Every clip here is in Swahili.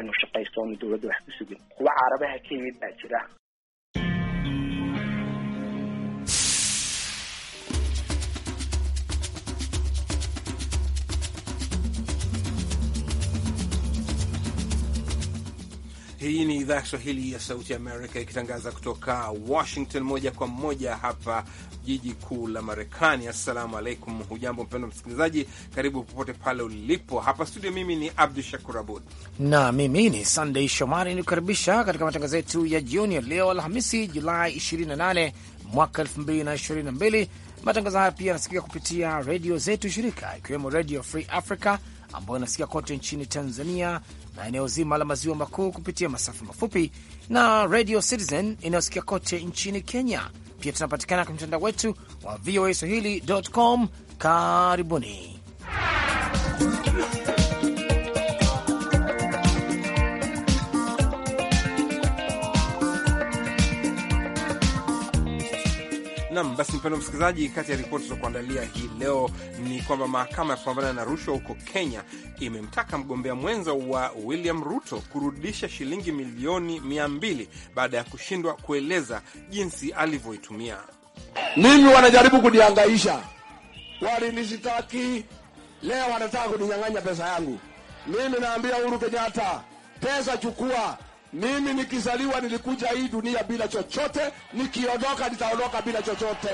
waa inuu shaqaysto oonu dawladda wax ku sugin kuwa caarabaha ka yimid baa jira Hii ni idhaa ya Kiswahili ya Sauti Amerika ikitangaza kutoka Washington moja kwa moja hapa jiji kuu la Marekani. Assalamu alaikum, hujambo mpendo msikilizaji, karibu popote pale ulipo. Hapa studio, mimi ni Abdu Shakur Abud na mimi ni Sandei Shomari nikukaribisha katika matangazo yetu ya jioni ya leo Alhamisi Julai 28 mwaka 2022. Matangazo haya pia yanasikika kupitia redio zetu shirika, ikiwemo Redio Free Africa ambayo inasikika kote nchini Tanzania na eneo zima la maziwa makuu kupitia masafa mafupi na Radio Citizen inayosikia kote nchini Kenya. Pia tunapatikana kwenye mtandao wetu wa VOA Swahili.com. Karibuni Nam basi, mpendo msikilizaji, kati ya ripoti za kuandalia hii leo ni kwamba mahakama ya kupambana na rushwa huko Kenya imemtaka mgombea mwenza wa William Ruto kurudisha shilingi milioni mia mbili baada ya kushindwa kueleza jinsi alivyoitumia. Mimi wanajaribu kuniangaisha, walinishtaki leo, wanataka kuninyang'anya pesa yangu. Mimi naambia Uhuru Kenyatta, pesa chukua, mimi nikizaliwa nilikuja hii dunia bila chochote, nikiondoka nitaondoka bila chochote.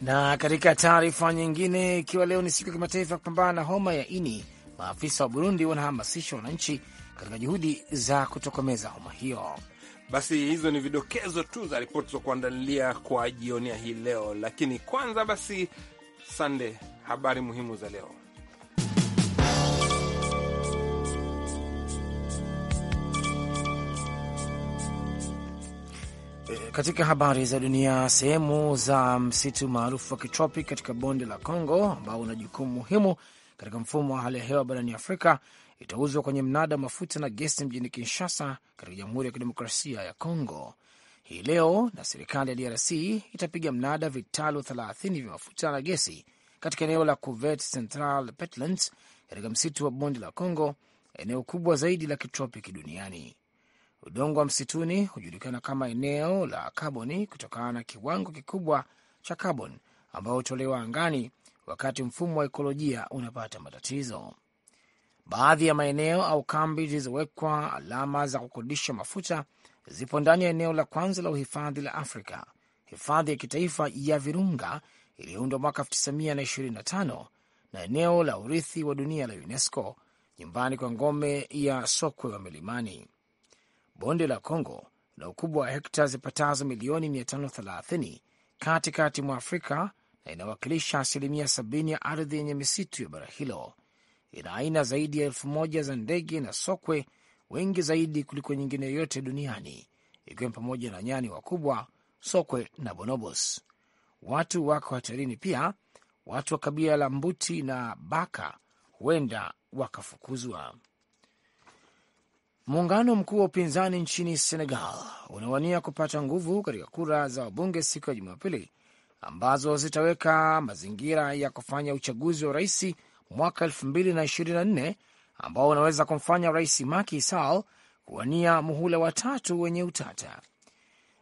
Na katika taarifa nyingine, ikiwa leo ni siku ya kimataifa ya kupambana na homa ya ini, maafisa wa Burundi wanahamasisha wananchi katika juhudi za kutokomeza homa hiyo. Basi hizo ni vidokezo tu za ripoti za kuandalia kwa jioni ya hii leo, lakini kwanza basi, Sande, habari muhimu za leo. Katika habari za dunia, sehemu za msitu maarufu wa kitropi katika bonde la Congo ambao una jukumu muhimu katika mfumo wa hali ya hewa barani Afrika itauzwa kwenye mnada wa mafuta na gesi mjini Kinshasa katika Jamhuri ya Kidemokrasia ya Congo hii leo, na serikali ya DRC itapiga mnada vitalu 30 vya mafuta na gesi katika eneo la Cuvette Central Petlands katika msitu wa bonde la Congo, eneo kubwa zaidi la kitropiki duniani. Udongo wa msituni hujulikana kama eneo la kaboni kutokana na kiwango kikubwa cha kaboni ambayo hutolewa angani wakati mfumo wa ekolojia unapata matatizo. Baadhi ya maeneo au kambi zilizowekwa alama za kukodisha mafuta zipo ndani ya eneo la kwanza la uhifadhi la Afrika, hifadhi ya kitaifa ya Virunga iliyoundwa mwaka 1925 na eneo la urithi wa dunia la UNESCO, nyumbani kwa ngome ya sokwe wa milimani bonde la Congo na ukubwa wa hekta zipatazo milioni 530 katikati mwa Afrika na inawakilisha asilimia 70 ya ardhi yenye misitu ya bara hilo. Ina aina zaidi ya elfu moja za ndege na sokwe, wengi zaidi kuliko nyingine yoyote duniani, ikiwa pamoja na nyani wakubwa, sokwe na bonobos. Watu wako hatarini pia. Watu wa kabila la Mbuti na Baka huenda wakafukuzwa. Muungano mkuu wa upinzani nchini Senegal unawania kupata nguvu katika kura za wabunge siku ya Jumapili ambazo zitaweka mazingira ya kufanya uchaguzi wa rais mwaka 2024 ambao unaweza kumfanya rais Macky Sall kuwania muhula watatu wenye utata.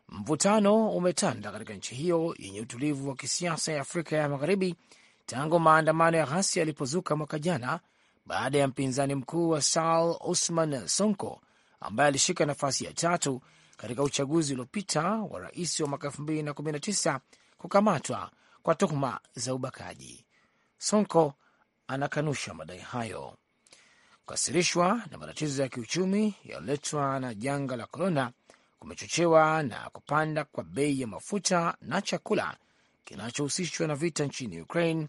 Mvutano umetanda katika nchi hiyo yenye utulivu wa kisiasa ya Afrika ya Magharibi tangu maandamano ya ghasia yalipozuka mwaka jana baada ya mpinzani mkuu wa sal usman Sonko ambaye alishika nafasi ya tatu katika uchaguzi uliopita wa rais wa mwaka 2019 kukamatwa kwa tuhuma za ubakaji. Sonko anakanusha madai hayo. Kukasirishwa na matatizo ya kiuchumi yaliyoletwa na janga la korona kumechochewa na kupanda kwa bei ya mafuta na chakula kinachohusishwa na vita nchini Ukraine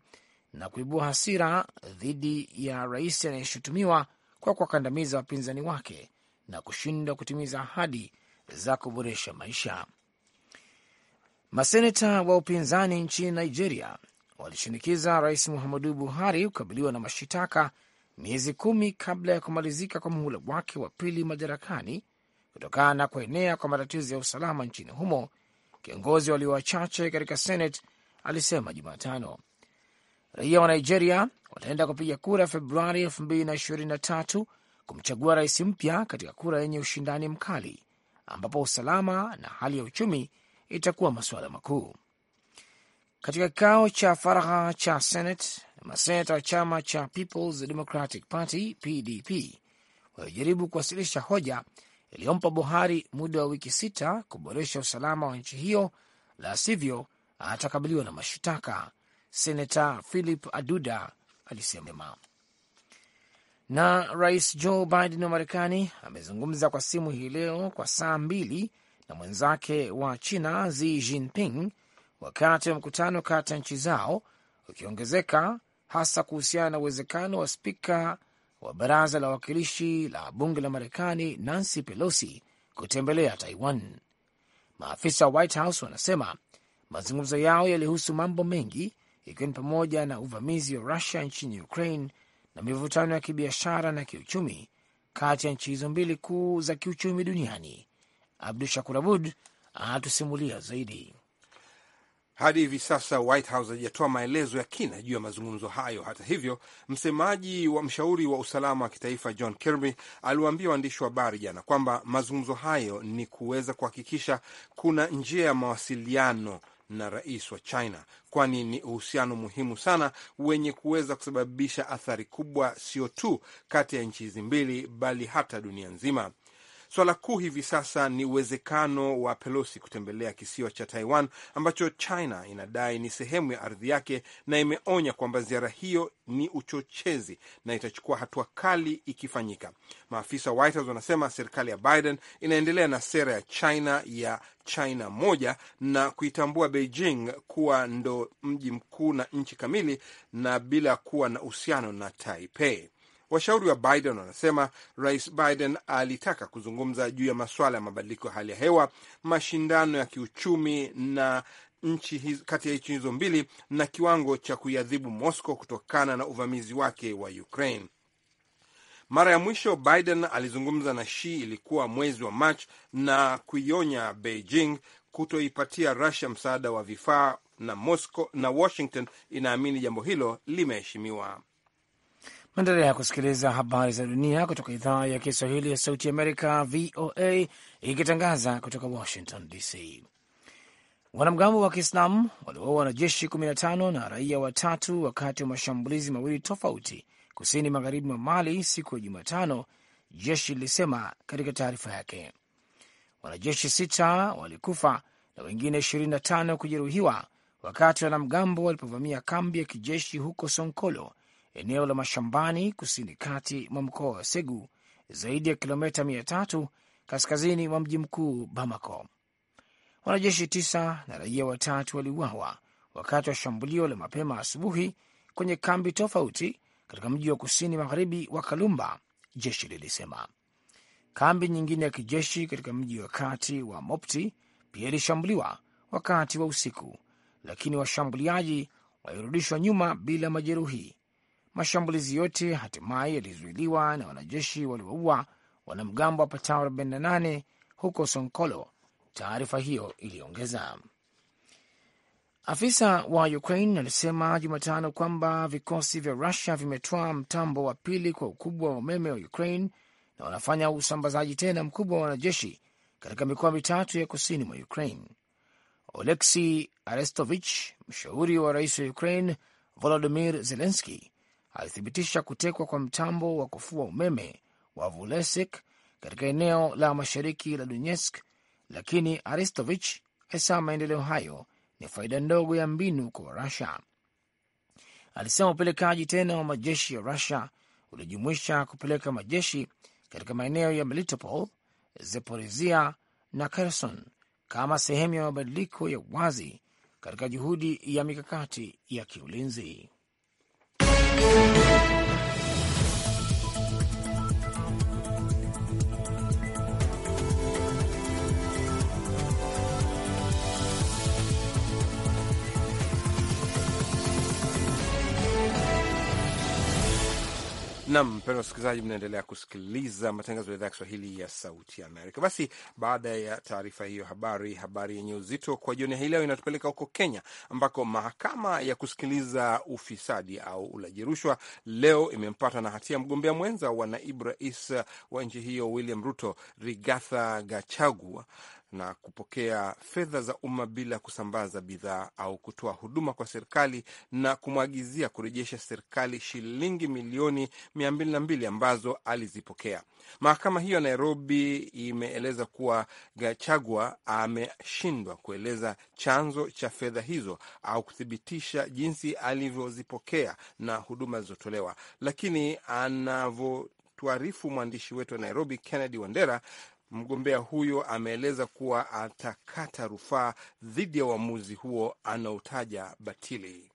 na kuibua hasira dhidi ya rais anayeshutumiwa kwa kuwakandamiza wapinzani wake na kushindwa kutimiza ahadi za kuboresha maisha. Maseneta wa upinzani nchini Nigeria walishinikiza rais Muhammadu Buhari kukabiliwa na mashitaka miezi kumi kabla ya kumalizika kwa muhula wake wa pili madarakani kutokana na kuenea kwa matatizo ya usalama nchini humo. Kiongozi walio wachache katika Senate alisema Jumatano Raia wa Nigeria wataenda kupiga kura Februari 2023 kumchagua rais mpya katika kura yenye ushindani mkali ambapo usalama na hali ya uchumi itakuwa masuala makuu. Katika kikao cha faragha cha Senate, maseneta wa chama cha Peoples Democratic Party PDP walijaribu kuwasilisha hoja iliyompa Buhari muda wa wiki sita kuboresha usalama wa nchi hiyo, la sivyo atakabiliwa na mashitaka, Senata Philip Aduda alisema. Na Rais Joe Biden wa Marekani amezungumza kwa simu hii leo kwa saa mbili na mwenzake wa China Xi Jinping wakati wa mkutano kati ya nchi zao ukiongezeka hasa kuhusiana na uwezekano wa spika wa baraza la wawakilishi la bunge la Marekani Nancy Pelosi kutembelea Taiwan. Maafisa wa White House wanasema mazungumzo yao yalihusu mambo mengi ikiwa ni pamoja na uvamizi wa Rusia nchini Ukraine na mivutano ya kibiashara na kiuchumi kati ya nchi hizo mbili kuu za kiuchumi duniani. Abdu Shakur Abud anatusimulia zaidi. Hadi hivi sasa White House haijatoa maelezo ya kina juu ya mazungumzo hayo. Hata hivyo, msemaji wa mshauri wa usalama wa kitaifa John Kirby aliwaambia waandishi wa habari jana kwamba mazungumzo hayo ni kuweza kuhakikisha kuna njia ya mawasiliano na rais wa China, kwani ni uhusiano muhimu sana wenye kuweza kusababisha athari kubwa, sio tu kati ya nchi hizi mbili, bali hata dunia nzima. Swala kuu hivi sasa ni uwezekano wa Pelosi kutembelea kisiwa cha Taiwan ambacho China inadai ni sehemu ya ardhi yake, na imeonya kwamba ziara hiyo ni uchochezi na itachukua hatua kali ikifanyika. Maafisa wa White House wanasema serikali ya Biden inaendelea na sera ya China ya China moja na kuitambua Beijing kuwa ndo mji mkuu na nchi kamili na bila kuwa na uhusiano na Taipei. Washauri wa Biden wanasema Rais Biden alitaka kuzungumza juu ya masuala ya mabadiliko ya hali ya hewa, mashindano ya kiuchumi na nchi hizo, kati ya nchi hizo mbili na kiwango cha kuiadhibu Moscow kutokana na uvamizi wake wa Ukraine. Mara ya mwisho Biden alizungumza na Xi ilikuwa mwezi wa Machi na kuionya Beijing kutoipatia Russia msaada wa vifaa na Moscow na Washington inaamini jambo hilo limeheshimiwa. Maendelea kusikiliza habari za dunia kutoka idhaa ya Kiswahili ya Sauti Amerika, VOA, ikitangaza kutoka Washington DC. Wanamgambo wa Kiislamu waliwaua wanajeshi 15 na raia watatu wakati wa mashambulizi mawili tofauti kusini magharibi mwa Mali siku ya Jumatano, jeshi lilisema katika taarifa yake. Wanajeshi sita walikufa na wengine 25 kujeruhiwa wakati wanamgambo walipovamia kambi ya kijeshi huko Sonkolo eneo la mashambani kusini kati mwa mkoa wa Segu, zaidi ya kilomita mia tatu kaskazini mwa mji mkuu Bamako. Wanajeshi tisa na raia watatu waliuawa wakati wa shambulio la mapema asubuhi kwenye kambi tofauti katika mji wa kusini magharibi wa Kalumba, jeshi lilisema. Kambi nyingine ya kijeshi katika mji wa kati wa Mopti pia ilishambuliwa wakati wa usiku, lakini washambuliaji walirudishwa nyuma bila majeruhi, Mashambulizi yote hatimaye yalizuiliwa na wanajeshi walioua wanamgambo wapatao 48 huko Sonkolo, taarifa hiyo iliongeza. Afisa wa Ukraine alisema Jumatano kwamba vikosi vya Rusia vimetoa mtambo wa pili kwa ukubwa wa umeme wa Ukraine na wanafanya usambazaji tena mkubwa wa wanajeshi katika mikoa mitatu ya kusini mwa Ukraine. Oleksi Arestovich, mshauri wa rais wa Ukraine Volodimir Zelenski, alithibitisha kutekwa kwa mtambo wa kufua umeme wa Vulesik katika eneo la mashariki la Donetsk, lakini Aristovich alisema maendeleo hayo ni faida ndogo ya mbinu kwa Rusia. Alisema upelekaji tena wa majeshi ya Rusia ulijumuisha kupeleka majeshi katika maeneo ya Melitopol, Zeporizia na Kherson kama sehemu ya mabadiliko ya wazi katika juhudi ya mikakati ya kiulinzi. Thank you. Nam mpendwa msikilizaji, mnaendelea kusikiliza matangazo ya idhaa ya Kiswahili ya Sauti ya Amerika. Basi baada ya taarifa hiyo habari, habari yenye uzito kwa jioni hii leo inatupeleka huko Kenya, ambako mahakama ya kusikiliza ufisadi au ulaji rushwa leo imempata na hatia mgombea mwenza wa naibu rais wa nchi hiyo William Ruto, Rigatha Gachagua na kupokea fedha za umma bila kusambaza bidhaa au kutoa huduma kwa serikali na kumwagizia kurejesha serikali shilingi milioni mia mbili na mbili ambazo alizipokea. Mahakama hiyo ya Nairobi imeeleza kuwa Gachagua ameshindwa kueleza chanzo cha fedha hizo au kuthibitisha jinsi alivyozipokea na huduma zilizotolewa, lakini anavyo tuarifu mwandishi wetu wa Nairobi Kennedy Wandera. Mgombea huyo ameeleza kuwa atakata rufaa dhidi ya uamuzi huo anaotaja batili.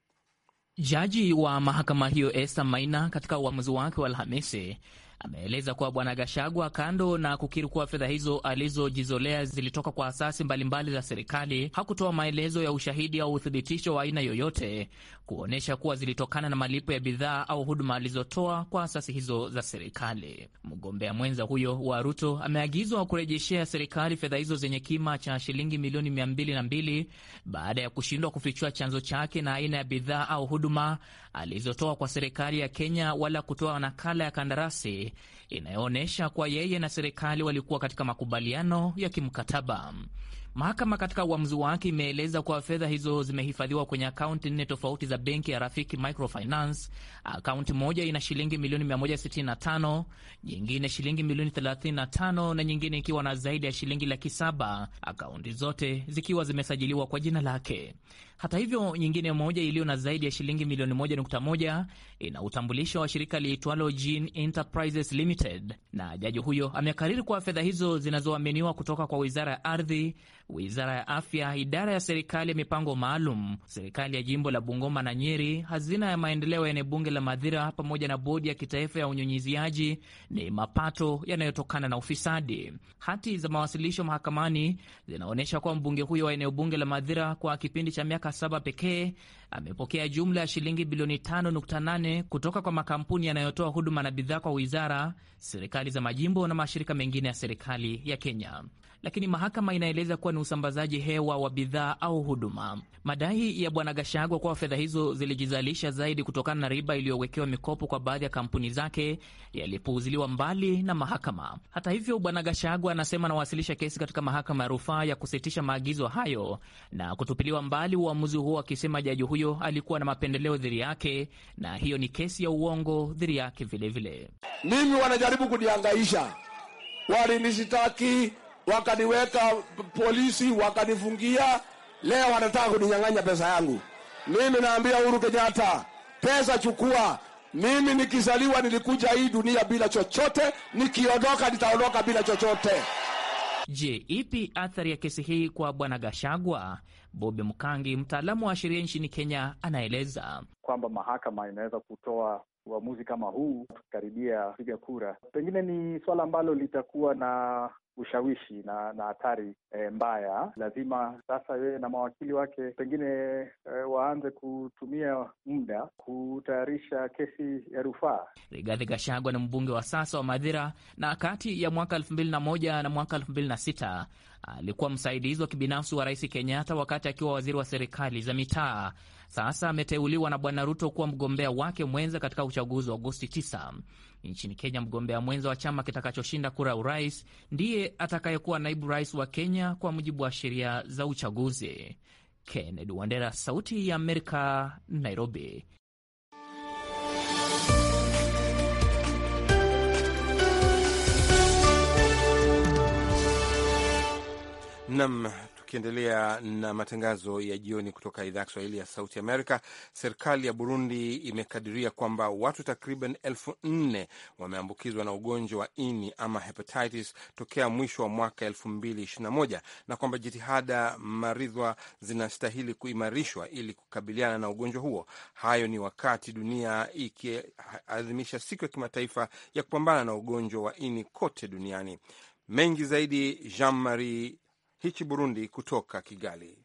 Jaji wa mahakama hiyo Esther Maina katika uamuzi wake wa Alhamisi ameeleza kuwa Bwana Gashagwa, kando na kukiri kuwa fedha hizo alizojizolea zilitoka kwa asasi mbalimbali za serikali, hakutoa maelezo ya ushahidi au uthibitisho wa aina yoyote kuonyesha kuwa zilitokana na malipo ya bidhaa au huduma alizotoa kwa asasi hizo za serikali. Mgombea mwenza huyo wa Ruto ameagizwa kurejeshea serikali fedha hizo zenye kima cha shilingi milioni mia mbili na mbili baada ya kushindwa kufichua chanzo chake na aina ya bidhaa au huduma alizotoa kwa serikali ya Kenya wala kutoa nakala ya kandarasi inayoonyesha kuwa yeye na serikali walikuwa katika makubaliano ya kimkataba. Mahakama katika uamuzi wake imeeleza kuwa fedha hizo zimehifadhiwa kwenye akaunti nne tofauti za benki ya Rafiki Microfinance. Akaunti moja ina shilingi milioni 165, nyingine shilingi milioni 35 na nyingine ikiwa na zaidi ya shilingi laki saba, akaunti zote zikiwa zimesajiliwa kwa jina lake. Hata hivyo, nyingine moja iliyo na zaidi ya shilingi milioni 11 ina utambulisho wa shirika liitwalo Gene Enterprises Limited, na jaji huyo amekariri kuwa fedha hizo zinazoaminiwa kutoka kwa wizara ya ardhi, wizara ya afya, idara ya serikali ya mipango maalum, serikali ya jimbo la Bungoma na Nyeri, hazina ya maendeleo ya bunge la Madhira pamoja na bodi ya kitaifa ya unyunyiziaji ni mapato yanayotokana na ufisadi. Hati za mawasilisho mahakamani zinaonyesha kuwa mbunge huyo wa eneo bunge la Madhira kwa kipindi cha miaka miaka saba pekee amepokea jumla ya shilingi bilioni 5.8 kutoka kwa makampuni yanayotoa huduma na bidhaa kwa wizara, serikali za majimbo na mashirika mengine ya serikali ya Kenya. Lakini mahakama inaeleza kuwa ni usambazaji hewa wa bidhaa au huduma. Madai ya Bwana Gashagwa kuwa fedha hizo zilijizalisha zaidi kutokana na riba iliyowekewa mikopo kwa baadhi ya kampuni zake yalipuuziliwa mbali na mahakama. Hata hivyo, Bwana Gashagwa anasema anawasilisha kesi katika mahakama ya rufaa ya kusitisha maagizo hayo na kutupiliwa mbali uamuzi huo akisema jaji huyo alikuwa na mapendeleo dhidi yake na hiyo ni kesi ya uongo dhidi yake. Vilevile mimi wanajaribu kuniangaisha, walinishitaki wakaniweka polisi, wakanifungia. Leo wanataka kuninyang'anya pesa yangu. Mimi naambia Uhuru Kenyatta, pesa chukua. Mimi nikizaliwa nilikuja hii dunia bila chochote, nikiondoka nitaondoka bila chochote. Je, ipi athari ya kesi hii kwa bwana Gashagwa Bobe Mkangi, mtaalamu wa sheria nchini Kenya, anaeleza kwamba mahakama inaweza kutoa uamuzi kama huu tukikaribia kupiga kura. Pengine ni suala ambalo litakuwa na ushawishi na na hatari e, mbaya. Lazima sasa yeye na mawakili wake pengine e, waanze kutumia muda kutayarisha kesi ya rufaa. Rigathi Gashagwa ni mbunge wa sasa wa madhira na kati ya mwaka elfu mbili na moja na mwaka elfu mbili na sita alikuwa msaidizi wa kibinafsi wa Rais Kenyatta wakati akiwa waziri wa serikali za mitaa. Sasa ameteuliwa na Bwana Ruto kuwa mgombea wake mwenza katika uchaguzi wa Agosti 9. Nchini Kenya, mgombea mwenza wa chama kitakachoshinda kura urais ndiye atakayekuwa naibu rais wa Kenya kwa mujibu wa sheria za uchaguzi. Kennedy Wandera, Sauti ya Amerika, Nairobi. Nam tukiendelea na matangazo ya jioni kutoka idhaa ya Kiswahili ya Sauti Amerika, serikali ya Burundi imekadiria kwamba watu takriban elfu nne wameambukizwa na ugonjwa wa ini ama hepatitis tokea mwisho wa mwaka elfu mbili ishirini na moja na kwamba jitihada maridhwa zinastahili kuimarishwa ili kukabiliana na ugonjwa huo. Hayo ni wakati dunia ikiadhimisha siku ya kimataifa ya kupambana na ugonjwa wa ini kote duniani. Mengi zaidi Jean Marie hichi Burundi. Kutoka Kigali.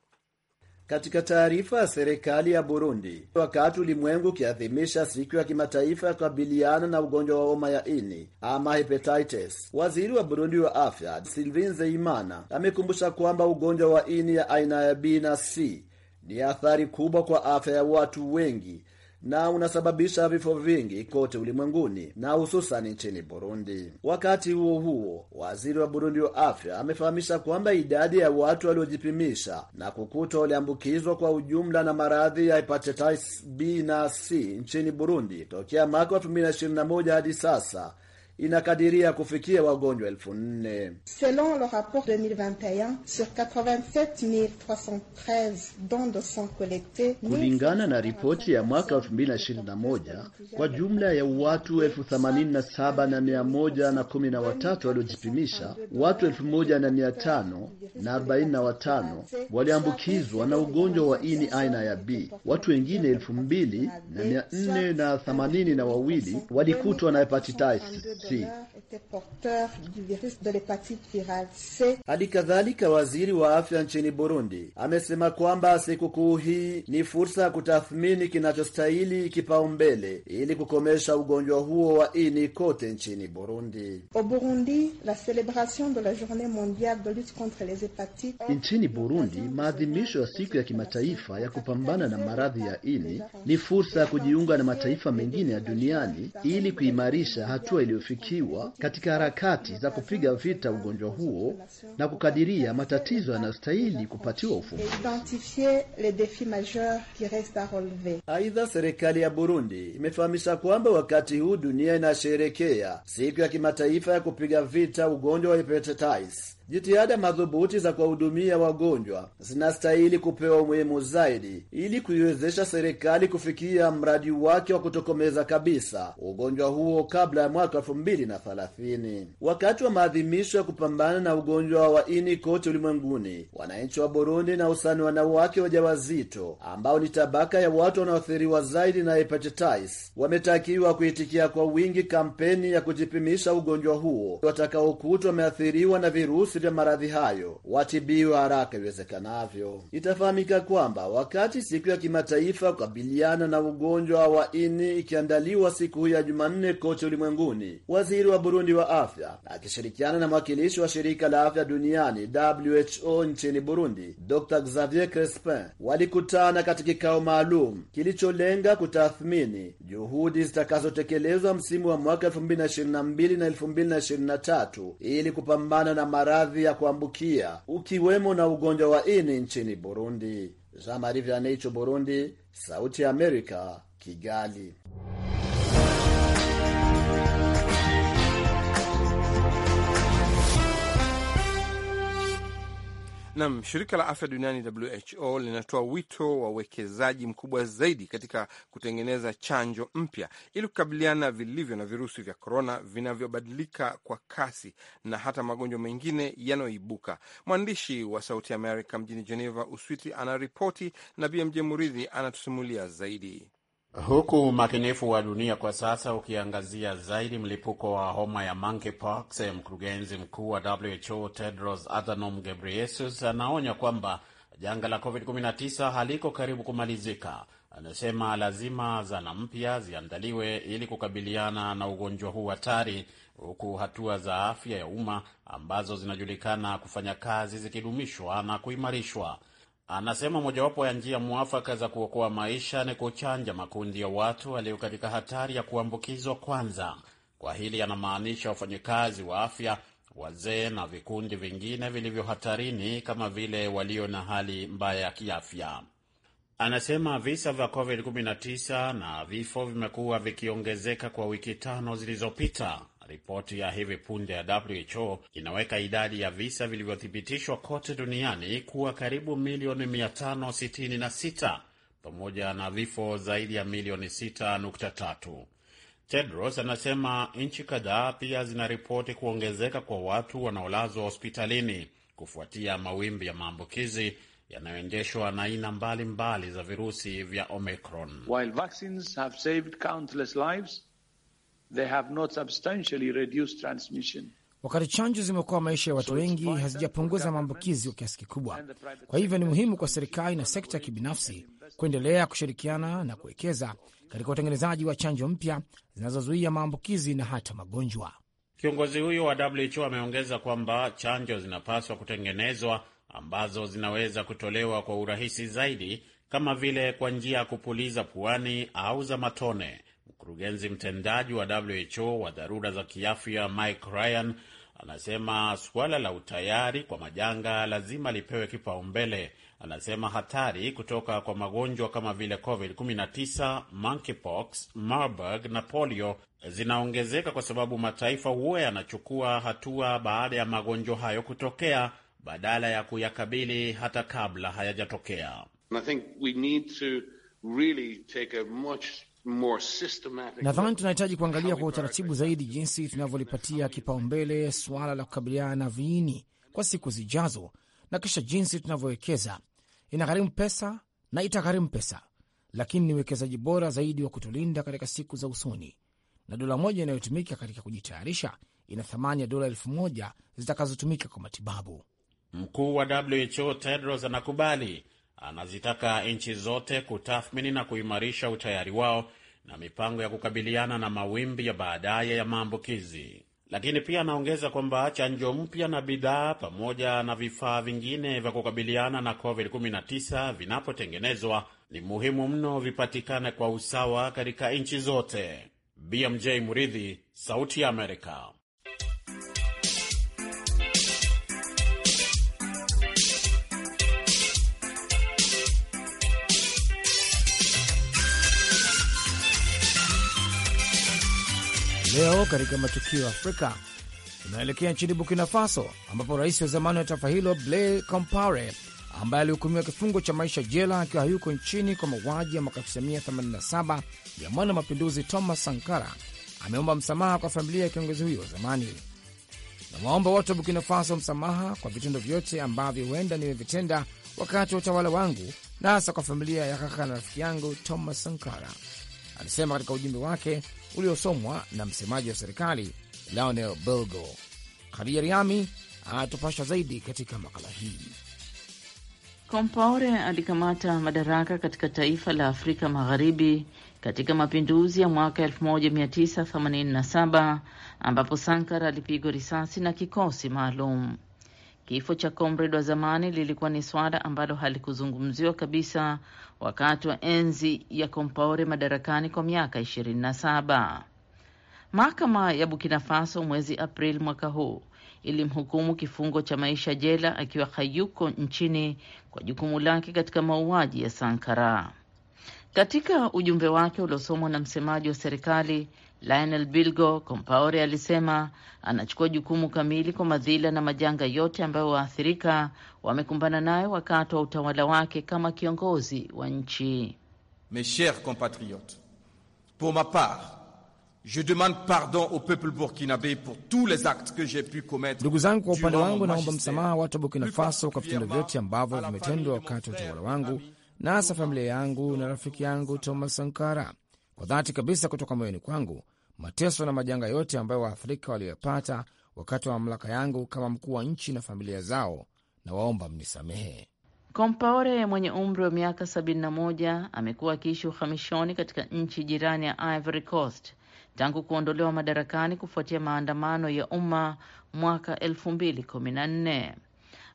Katika taarifa ya serikali ya Burundi wakati ulimwengu ukiadhimisha siku ya kimataifa ya kukabiliana na ugonjwa wa homa ya ini ama hepatitis, waziri wa Burundi wa afya Sylvin Zeimana amekumbusha kwamba ugonjwa wa ini ya aina ya B na C ni athari kubwa kwa afya ya watu wengi na unasababisha vifo vingi kote ulimwenguni na hususan nchini Burundi. Wakati huo huo, waziri wa Burundi wa afya amefahamisha kwamba idadi ya watu waliojipimisha na kukutwa waliambukizwa kwa ujumla na maradhi ya hepatitis B na C nchini Burundi tokea mwaka 2021 hadi sasa inakadiria kufikia wagonjwa elfu nne. Selon le rapport 2021 sur 87313 dons de sang collecte, kulingana na ripoti ya mwaka 2021 kwa jumla ya watu 87113 waliojipimisha, watu 1545 waliambukizwa na ugonjwa wa ini aina ya B. Watu wengine 2482 walikutwa na hepatitis hali Hadi kadhalika, waziri wa afya nchini Burundi amesema kwamba sikukuu hii ni fursa ya kutathmini kinachostahili kipaumbele ili kukomesha ugonjwa huo wa ini kote nchini Burundi. Nchini Burundi, maadhimisho ya siku ya kimataifa ya kupambana na maradhi ya ini ni fursa ya kujiunga na mataifa mengine ya duniani ili kuimarisha hatua iliyofikia kufanikiwa katika harakati za kupiga vita ugonjwa huo na kukadiria matatizo yanayostahili kupatiwa ufumbuzi. Aidha, serikali ya Burundi imefahamisha kwamba wakati huu dunia inasherekea siku ya kimataifa ya kupiga vita ugonjwa wa hepatitis Jitihada madhubuti za kuwahudumia wagonjwa zinastahili kupewa umuhimu zaidi ili kuiwezesha serikali kufikia mradi wake wa kutokomeza kabisa ugonjwa huo kabla ya mwaka elfu mbili na thelathini. Wakati wa maadhimisho ya kupambana na ugonjwa wa ini kote ulimwenguni, wananchi wa Burundi na usani wanawake wajawazito ambao ni tabaka ya watu wanaoathiriwa zaidi na hepatitis wametakiwa kuitikia kwa wingi kampeni ya kujipimisha ugonjwa huo watakaokutwa wameathiriwa na virusi vya maradhi hayo watibiwe haraka iwezekanavyo. Itafahamika kwamba wakati siku ya kimataifa kukabiliana na ugonjwa wa ini ikiandaliwa siku hii ya Jumanne kote ulimwenguni, waziri wa Burundi wa afya akishirikiana na mwakilishi wa shirika la afya duniani WHO nchini Burundi, Dr Xavier Crespin walikutana katika kikao maalum kilicholenga kutathmini juhudi zitakazotekelezwa msimu wa mwaka 2022 na 2023 ili kupambana na maradhi maradhi ya kuambukia ukiwemo na ugonjwa wa ini nchini Burundi. Jean Marie Vianney, Burundi, Sauti ya Amerika, Kigali. Nam, shirika la afya duniani WHO linatoa wito wa uwekezaji mkubwa zaidi katika kutengeneza chanjo mpya ili kukabiliana vilivyo na virusi vya korona vinavyobadilika kwa kasi na hata magonjwa mengine yanayoibuka. Mwandishi wa Sauti Amerika mjini Geneva, Uswiti anaripoti na BMJ Muridhi anatusimulia zaidi. Huku umakinifu wa dunia kwa sasa ukiangazia zaidi mlipuko wa homa ya monkeypox, mkurugenzi mkuu wa WHO Tedros Adhanom Ghebreyesus anaonya kwamba janga la COVID-19 haliko karibu kumalizika. Anasema lazima zana mpya ziandaliwe ili kukabiliana na ugonjwa huu hatari, huku hatua za afya ya umma ambazo zinajulikana kufanya kazi zikidumishwa na kuimarishwa. Anasema mojawapo ya njia mwafaka za kuokoa maisha ni kuchanja makundi ya watu walio katika hatari ya kuambukizwa kwanza. Kwa hili anamaanisha wafanyakazi wa afya, wazee na vikundi vingine vilivyo hatarini kama vile walio na hali mbaya ya kiafya. Anasema visa vya COVID-19 na vifo vimekuwa vikiongezeka kwa wiki tano zilizopita. Ripoti ya hivi punde ya WHO inaweka idadi ya visa vilivyothibitishwa kote duniani kuwa karibu milioni 566 pamoja na vifo zaidi ya milioni 6.3. Tedros anasema nchi kadhaa pia zinaripoti kuongezeka kwa watu wanaolazwa hospitalini kufuatia mawimbi ya maambukizi yanayoendeshwa na aina mbalimbali za virusi vya Omicron. While vaccines have saved countless lives, they have not substantially reduced transmission. Wakati chanjo zimeokoa maisha ya watu wengi, hazijapunguza maambukizi kwa kiasi kikubwa. Kwa hivyo ni muhimu kwa serikali na sekta ya kibinafsi kuendelea kushirikiana na kuwekeza katika utengenezaji wa chanjo mpya zinazozuia maambukizi na hata magonjwa. Kiongozi huyo wa WHO ameongeza kwamba chanjo zinapaswa kutengenezwa ambazo zinaweza kutolewa kwa urahisi zaidi, kama vile kwa njia ya kupuliza puani au za matone. Mkurugenzi mtendaji wa WHO wa dharura za kiafya Mike Ryan anasema suala la utayari kwa majanga lazima lipewe kipaumbele. Anasema hatari kutoka kwa magonjwa kama vile COVID-19, monkeypox, Marburg na polio zinaongezeka kwa sababu mataifa huwa yanachukua hatua baada ya magonjwa hayo kutokea badala ya kuyakabili hata kabla hayajatokea. Nadhani tunahitaji kuangalia kwa utaratibu zaidi jinsi tunavyolipatia kipaumbele suala la kukabiliana na viini kwa siku zijazo, na kisha jinsi tunavyowekeza. Inagharimu pesa na itagharimu pesa, lakini ni uwekezaji bora zaidi wa kutulinda katika siku za usoni, na dola moja inayotumika katika kujitayarisha ina thamani ya dola elfu moja zitakazotumika kwa matibabu. Mkuu wa WHO Tedros anakubali anazitaka nchi zote kutathmini na kuimarisha utayari wao na mipango ya kukabiliana na mawimbi ya baadaye ya maambukizi. Lakini pia anaongeza kwamba chanjo mpya na bidhaa pamoja na vifaa vingine vya kukabiliana na COVID-19 vinapotengenezwa ni muhimu mno vipatikane kwa usawa katika nchi zote. BMJ Muridhi, Sauti ya Amerika. Leo katika matukio Afrika tunaelekea nchini Burkina Faso ambapo rais wa zamani wa taifa hilo Blaise Compaore ambaye alihukumiwa kifungo cha maisha jela akiwa hayuko nchini kwa mauaji ya mwaka 1987 ya mwana mapinduzi Thomas Sankara ameomba msamaha kwa familia ya kiongozi huyo wa zamani. nawaomba watu wote wa Burkina Faso msamaha kwa vitendo vyote ambavyo huenda nimevitenda wakati wa utawala wangu na hasa kwa familia ya kaka na rafiki yangu Thomas Sankara, alisema katika ujumbe wake uliosomwa na msemaji wa serikali Lionel Belgo. Khadija Riami anatupasha zaidi katika makala hii. Kompaore alikamata madaraka katika taifa la Afrika Magharibi katika mapinduzi ya mwaka 1987 ambapo Sankara alipigwa risasi na kikosi maalum. Kifo cha comrade wa zamani lilikuwa ni swala ambalo halikuzungumziwa kabisa wakati wa enzi ya Kompaore madarakani kwa miaka 27. Mahakama ya Burkina Faso mwezi april mwaka huu ilimhukumu kifungo cha maisha jela akiwa hayuko nchini kwa jukumu lake katika mauaji ya Sankara. Katika ujumbe wake uliosomwa na msemaji wa serikali Lionel Bilgo, Compaore alisema anachukua jukumu kamili kwa madhila na majanga yote ambayo waathirika wamekumbana nayo wakati wa utawala wake kama kiongozi wa nchi. Mes chers compatriotes, pour ma part je demande pardon au peuple burkinabé pour tous les actes que j'ai pu commettre. Ndugu zangu, kwa upande wangu naomba msamaha watu wa Burkina Faso kwa vitendo vyote ambavyo vimetendwa wakati wa utawala wangu na hasa familia yangu na rafiki yangu Thomas Sankara. Kwa dhati kabisa, kutoka moyoni kwangu, mateso na majanga yote ambayo waafrika waliyopata wakati wa mamlaka yangu kama mkuu wa nchi na familia zao, nawaomba mnisamehe. kompaore mwenye umri wa miaka 71 amekuwa akiishi uhamishoni katika nchi jirani ya Ivory Coast tangu kuondolewa madarakani kufuatia maandamano ya umma mwaka 2014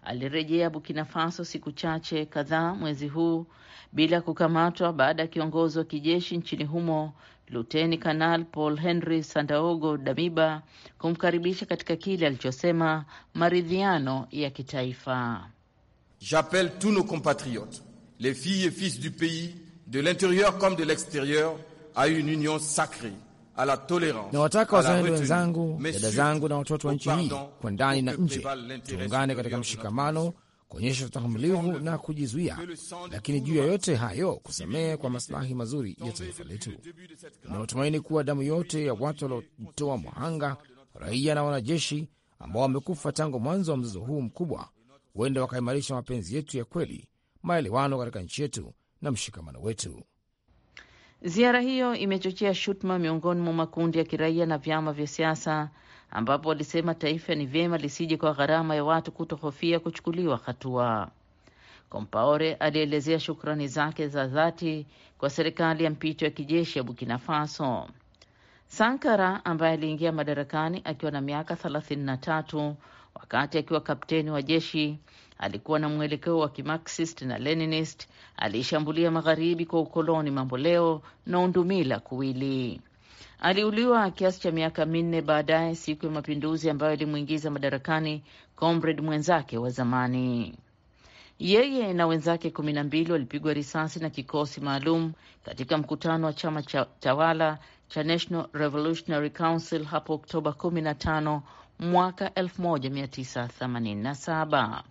alirejea Burkina Faso siku chache kadhaa mwezi huu bila kukamatwa baada ya kiongozi wa kijeshi nchini humo Luteni Kanal Paul Henry Sandaogo Damiba kumkaribisha katika kile alichosema maridhiano ya kitaifa. J'appelle tous nos compatriotes, les filles et fils du pays, de l'intérieur comme de l'extérieur, à une union sacrée Nawataka wazalendo wenzangu, dada zangu na watoto wa nchi hii kwa ndani na nje, tuungane katika mshikamano, kuonyesha utahamilivu na kujizuia, lakini juu ya yote hayo kusamehe kwa maslahi mazuri ya taifa letu. Inaotumaini kuwa damu yote ya watu waliojitoa mhanga, raia na wanajeshi ambao wamekufa tangu mwanzo wa mzozo huu mkubwa, huenda wakaimarisha mapenzi yetu ya kweli, maelewano katika nchi yetu na mshikamano wetu. Ziara hiyo imechochea shutuma miongoni mwa makundi ya kiraia na vyama vya siasa, ambapo walisema taifa ni vyema lisije kwa gharama ya watu kutohofia kuchukuliwa hatua. Kompaore alielezea shukrani zake za dhati kwa serikali ya mpito ya kijeshi ya Burkina Faso. Sankara ambaye aliingia madarakani akiwa na miaka na tatu Wakati akiwa kapteni wa jeshi, alikuwa na mwelekeo wa kimaxist na leninist. Aliishambulia magharibi kwa ukoloni mamboleo na undumila kuwili. Aliuliwa kiasi cha miaka minne baadaye siku ya mapinduzi ambayo ilimwingiza madarakani comrade mwenzake wa zamani. Yeye na wenzake kumi na mbili walipigwa risasi na kikosi maalum katika mkutano wa chama cha tawala cha National Revolutionary Council hapo Oktoba tano mwaka 1987.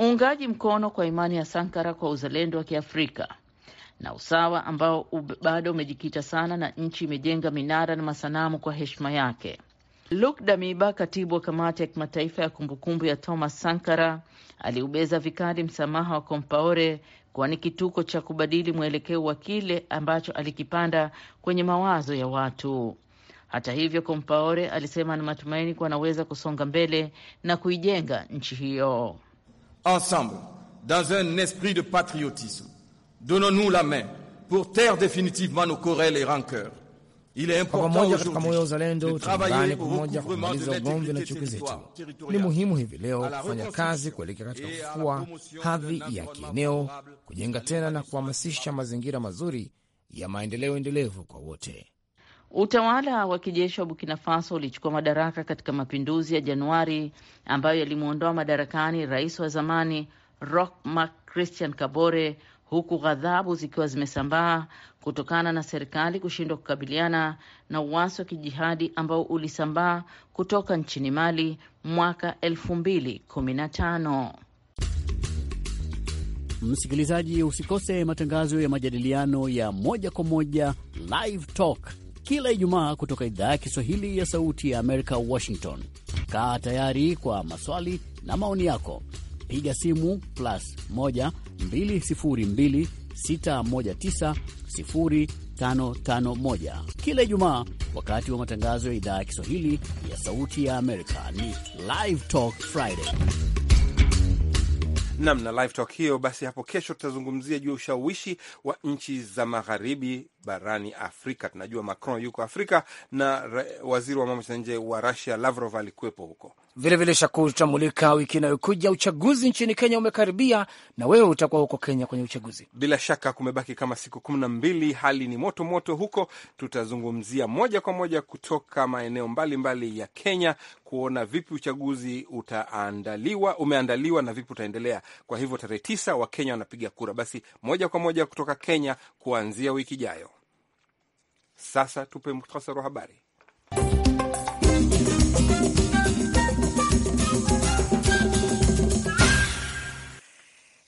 Uungaji mkono kwa imani ya Sankara kwa uzalendo wa Kiafrika na usawa ambao bado umejikita sana na nchi imejenga minara na masanamu kwa heshima yake. Luke Damiba, katibu wa kamati ya kimataifa ya kumbukumbu ya Thomas Sankara, aliubeza vikali msamaha wa Kompaore kuwa ni kituko cha kubadili mwelekeo wa kile ambacho alikipanda kwenye mawazo ya watu. Hata hivyo, Compaore alisema ana matumaini kuwa anaweza kusonga mbele na kuijenga nchi hiyo. Ensemble dans un esprit de patriotisme donnons-nous la main pour taire définitivement nos querelles et rancœurs. Kwa pamoja katika moyo wa uzalendo tuungane pamoja kumaliza ugomvi na chuki zetu. Ni muhimu hivi leo kufanya kazi kuelekea katika kufua hadhi ya kieneo, kujenga tena na kuhamasisha mazingira mazuri ya maendeleo endelevu kwa wote. Utawala wa kijeshi wa Burkina Faso ulichukua madaraka katika mapinduzi ya Januari ambayo yalimwondoa madarakani rais wa zamani Roch Marc Christian Kabore, huku ghadhabu zikiwa zimesambaa kutokana na serikali kushindwa kukabiliana na uasi wa kijihadi ambao ulisambaa kutoka nchini Mali mwaka 2015. Msikilizaji, usikose matangazo ya majadiliano ya moja kwa moja Live Talk kila Ijumaa kutoka idhaa ya Kiswahili ya Sauti ya Amerika, Washington. Kaa tayari kwa maswali na maoni yako, piga simu plus 1 202 619 0551 kila Ijumaa wakati wa matangazo ya idhaa ya Kiswahili ya Sauti ya Amerika. Ni Live Talk Friday namna live talk hiyo. Basi hapo kesho tutazungumzia juu ya ushawishi wa nchi za magharibi barani Afrika. Tunajua Macron yuko Afrika na waziri wa mambo ya nje wa Russia Lavrov alikuwepo huko vilevile. Shakuru, tutamulika wiki inayokuja uchaguzi nchini Kenya umekaribia, na wewe utakuwa huko Kenya kwenye uchaguzi. Bila shaka kumebaki kama siku kumi na mbili, hali ni moto moto huko. Tutazungumzia moja kwa moja kutoka maeneo mbalimbali mbali ya Kenya kuona vipi uchaguzi utaandaliwa, umeandaliwa na vipi utaendelea. Kwa hivyo tarehe tisa Wakenya wanapiga kura. Basi moja kwa moja kutoka Kenya kuanzia wiki ijayo. Sasa tupe muhtasari wa habari.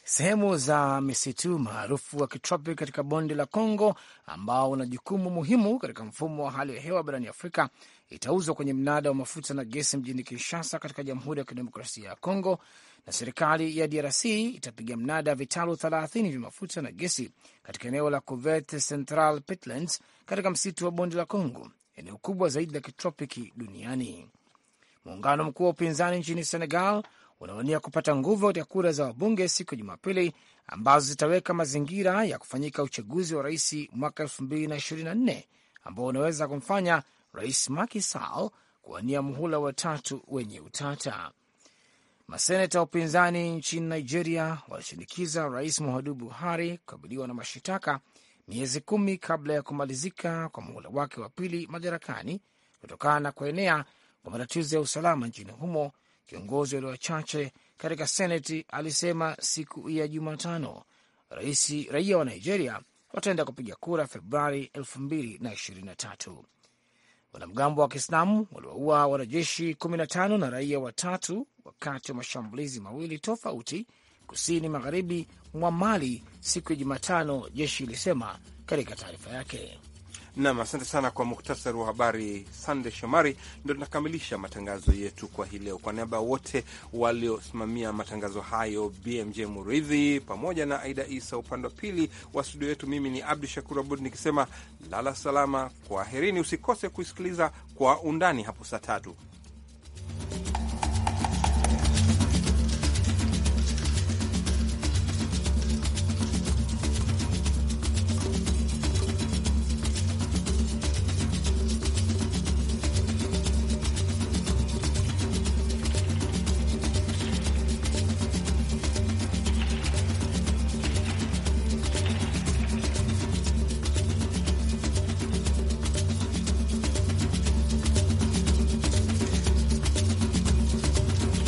Sehemu za misitu maarufu wa kitropi katika bonde la Congo ambao una jukumu muhimu katika mfumo wa hali ya hewa barani Afrika itauzwa kwenye mnada wa mafuta na gesi mjini Kinshasa katika Jamhuri ya Kidemokrasia ya Kongo, na serikali ya DRC itapiga mnada vitalu 30 vya mafuta na gesi katika eneo la Cuvette Central Peatlands katika msitu wa bonde la Congo, eneo kubwa zaidi la kitropiki duniani. Muungano mkuu wa upinzani nchini Senegal unaonia kupata nguvu ya kura za wabunge siku ya Jumapili ambazo zitaweka mazingira ya kufanyika uchaguzi wa rais mwaka 2024 ambao unaweza kumfanya Rais Macky Sall kuwania muhula watatu wenye utata. Maseneta wa upinzani nchini Nigeria walishinikiza Rais Muhammadu Buhari kukabiliwa na mashitaka miezi kumi kabla ya kumalizika kwa muhula wake wa pili madarakani kutokana na kuenea kwa matatizo ya usalama nchini humo. Kiongozi walio wachache katika seneti alisema siku ya Jumatano raia wa Nigeria wataenda kupiga kura Februari 2023. Wanamgambo wa Kiislamu waliwaua wanajeshi 15 na raia watatu wakati wa mashambulizi mawili tofauti kusini magharibi mwa Mali siku ya Jumatano, jeshi ilisema katika taarifa yake. Nam, asante sana kwa muktasari wa habari Sande Shomari. ndo tunakamilisha matangazo yetu kwa hii leo. Kwa niaba ya wote waliosimamia matangazo hayo, BMJ Muridhi pamoja na Aida Isa upande wa pili wa studio yetu, mimi ni Abdu Shakur Abud nikisema lala salama, kwaherini. Usikose kusikiliza Kwa Undani hapo saa tatu.